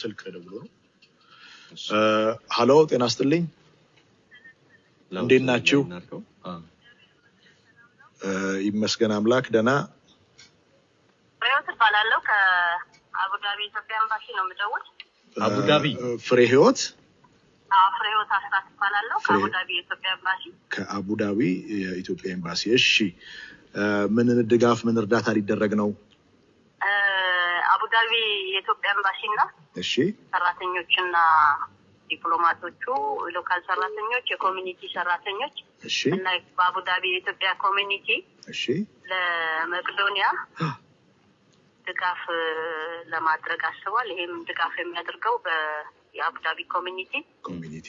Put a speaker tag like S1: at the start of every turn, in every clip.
S1: ስልክ ደውሎ ነው። ሀሎ ጤና ስትልኝ እንዴት ናችሁ? ይመስገን አምላክ ደህና።
S2: ፍሬህይወት እባላለሁ ከአቡዳቢ ኢትዮጵያ ኤምባሲ ነው የምደውል።
S1: አቡዳቢ ፍሬ ህይወት
S2: ፍሬ አስራት እባላለሁ ከአቡዳቢ የኢትዮጵያ ኤምባሲ
S1: ከአቡዳቢ የኢትዮጵያ ኤምባሲ። እሺ፣ ምን ድጋፍ ምን እርዳታ ሊደረግ ነው?
S2: አጋቢ የኢትዮጵያ ኤምባሲና እሺ ሰራተኞችና ዲፕሎማቶቹ ሎካል ሰራተኞች፣ የኮሚኒቲ ሰራተኞች እና በአቡዳቢ የኢትዮጵያ ኮሚኒቲ ለመቅዶኒያ ድጋፍ ለማድረግ አስቧል። ይህም ድጋፍ የሚያደርገው የአቡዳቢ ኮሚኒቲ ኮሚኒቲ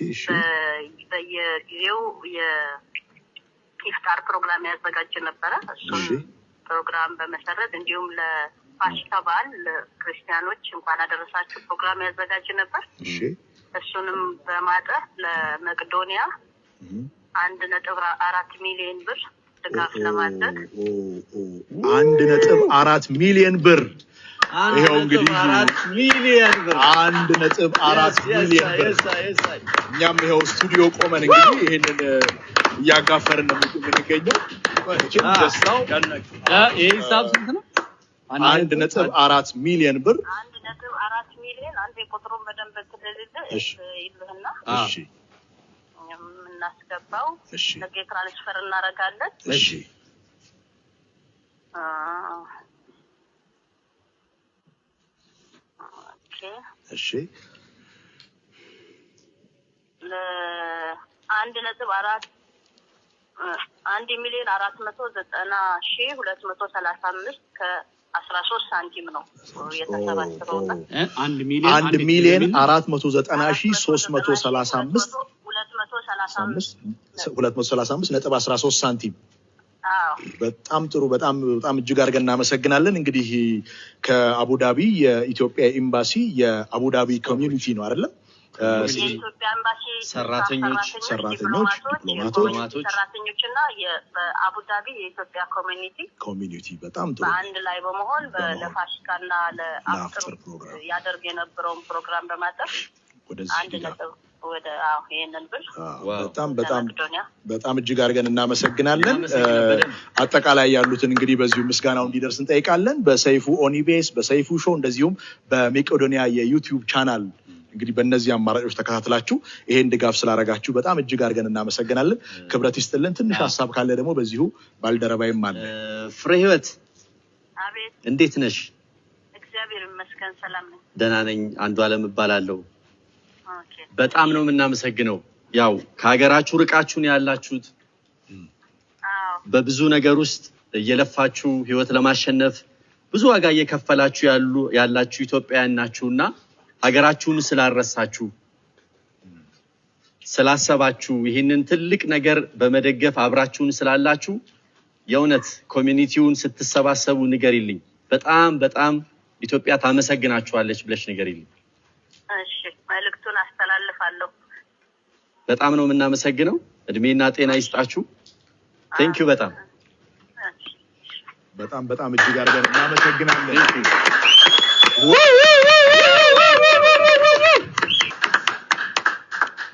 S2: በየጊዜው የኢፍጣር ፕሮግራም ያዘጋጅ ነበረ። እሱም ፕሮግራም በመሰረት እንዲሁም ፋሲካ በዓል ክርስቲያኖች እንኳን አደረሳችሁ ፕሮግራም ያዘጋጅ ነበር። እሱንም በማጠር ለመቅዶኒያ አንድ ነጥብ አራት ሚሊዮን ብር ድጋፍ ለማድረግ
S1: አንድ ነጥብ አራት ሚሊዮን ብር ይኸው እንግዲህ አንድ ነጥብ አራት ሚሊዮን ብር እኛም ይኸው ስቱዲዮ ቆመን እንግዲህ ይህንን እያጋፈርን ነው የምንገኘው። ደስታው
S3: ይህ ሂሳብ ስንት ነው?
S1: አንድ ነጥብ አራት ሚሊዮን ብር
S2: አንድ ነጥብ አራት ሚሊዮን አንድ የቁጥሩን በደንብ ስለሌለ ይልህና የምናስገባው ነገ ትራንስፈር እናደርጋለን።
S1: እሺ እሺ
S2: አንድ ነጥብ አራት አንድ ሚሊዮን አራት መቶ ዘጠና ሺህ ሁለት መቶ ሰላሳ አምስት ከ አስራ ሶስት ሳንቲም ነው የተሰበሰበው።
S1: አንድ ሚሊዮን አራት መቶ ዘጠና ሶስት መቶ ሰላሳ አምስት ሁለት መቶ ሰላሳ አምስት ነጥብ አስራ ሶስት ሳንቲም። በጣም ጥሩ። በጣም በጣም እጅግ አድርገን እናመሰግናለን። እንግዲህ ከአቡዳቢ የኢትዮጵያ ኤምባሲ የአቡዳቢ ኮሚዩኒቲ ነው አይደለም
S3: ሰራተኞች
S1: ሰራተኞች ዲፕሎማቶች
S2: ሰራተኞች እና በአቡዳቢ የኢትዮጵያ ኮሚኒቲ
S1: ኮሚኒቲ በጣም ጥሩ
S2: በአንድ ላይ በመሆን ለፋሽካ ና ለአፍጥር ያደርግ የነበረውን ፕሮግራም በማጠፍ አንድ ነጥብ ወደ
S1: በጣም በጣም በጣም እጅግ አድርገን እናመሰግናለን። አጠቃላይ ያሉትን እንግዲህ በዚሁ ምስጋናው እንዲደርስ እንጠይቃለን። በሰይፉ ኦኒቤስ፣ በሰይፉ ሾው እንደዚሁም በሜቄዶኒያ የዩቲዩብ ቻናል እንግዲህ በእነዚህ አማራጮች ተከታትላችሁ ይሄን ድጋፍ ስላረጋችሁ በጣም እጅግ አድርገን እናመሰግናለን። ክብረት ይስጥልን። ትንሽ ሀሳብ ካለ ደግሞ በዚሁ ባልደረባይም አለ።
S3: ፍሬ ህይወት እንዴት ነሽ?
S2: እግዚአብሔር ይመስገን ሰላም ነኝ።
S3: ደህና ነኝ። አንዱ አለም እባላለሁ። በጣም ነው የምናመሰግነው። ያው ከሀገራችሁ ርቃችሁ ነው ያላችሁት በብዙ ነገር ውስጥ እየለፋችሁ ህይወት ለማሸነፍ ብዙ ዋጋ እየከፈላችሁ ያሉ ያላችሁ ኢትዮጵያውያን ናችሁና ሀገራችሁን ስላረሳችሁ ስላሰባችሁ ይህንን ትልቅ ነገር በመደገፍ አብራችሁን ስላላችሁ የእውነት ኮሚኒቲውን ስትሰባሰቡ ንገሪልኝ። በጣም በጣም ኢትዮጵያ ታመሰግናችኋለች ብለሽ ንገሪልኝ።
S2: እሺ፣ መልዕክቱን አስተላልፋለሁ።
S3: በጣም ነው የምናመሰግነው። እድሜና ጤና ይስጣችሁ። ቴንኪዩ። በጣም
S1: በጣም በጣም እጅግ አድርገን እናመሰግናለን።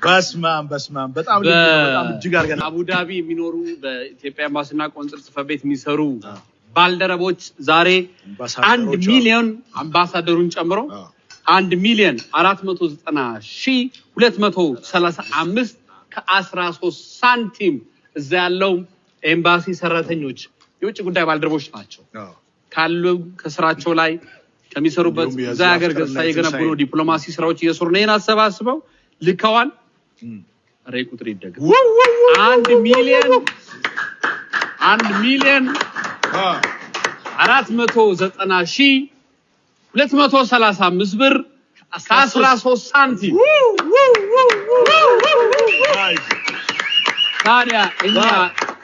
S3: በስማም በስማም በጣም በጣም እጅግ አድርገን አቡዳቢ የሚኖሩ በኢትዮጵያ ኤምባሲና ቆንስል ጽሕፈት ቤት የሚሰሩ ባልደረቦች ዛሬ አንድ ሚሊዮን አምባሳደሩን ጨምሮ አንድ ሚሊዮን አራት መቶ ዘጠና ሺህ ሁለት መቶ ሰላሳ አምስት ከአስራ ሶስት ሳንቲም እዛ ያለው ኤምባሲ ሰራተኞች የውጭ ጉዳይ ባልደረቦች ናቸው ካሉ ከስራቸው ላይ ከሚሰሩበት እዛ ሀገር ገጽታ የገነቡ ነው ዲፕሎማሲ ስራዎች እየሰሩ ነው። ይህን አሰባስበው ልከዋል። ሬ ቁጥር ይደገፍ። አንድ ሚሊዮን አንድ ሚሊዮን አራት መቶ ዘጠና ሺ ሁለት መቶ ሰላሳ አምስት ብር ከአስራ ሶስት ሳንቲም ታዲያ እኛ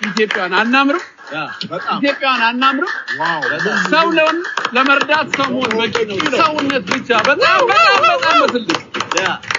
S3: ኢትዮጵያን አናምርም? ኢትዮጵያን አናምርም? ሰው ለመርዳት ሰው መሆን በቂ ነው። ሰውነት ብቻ በጣም በጣም በጣም ትልቅ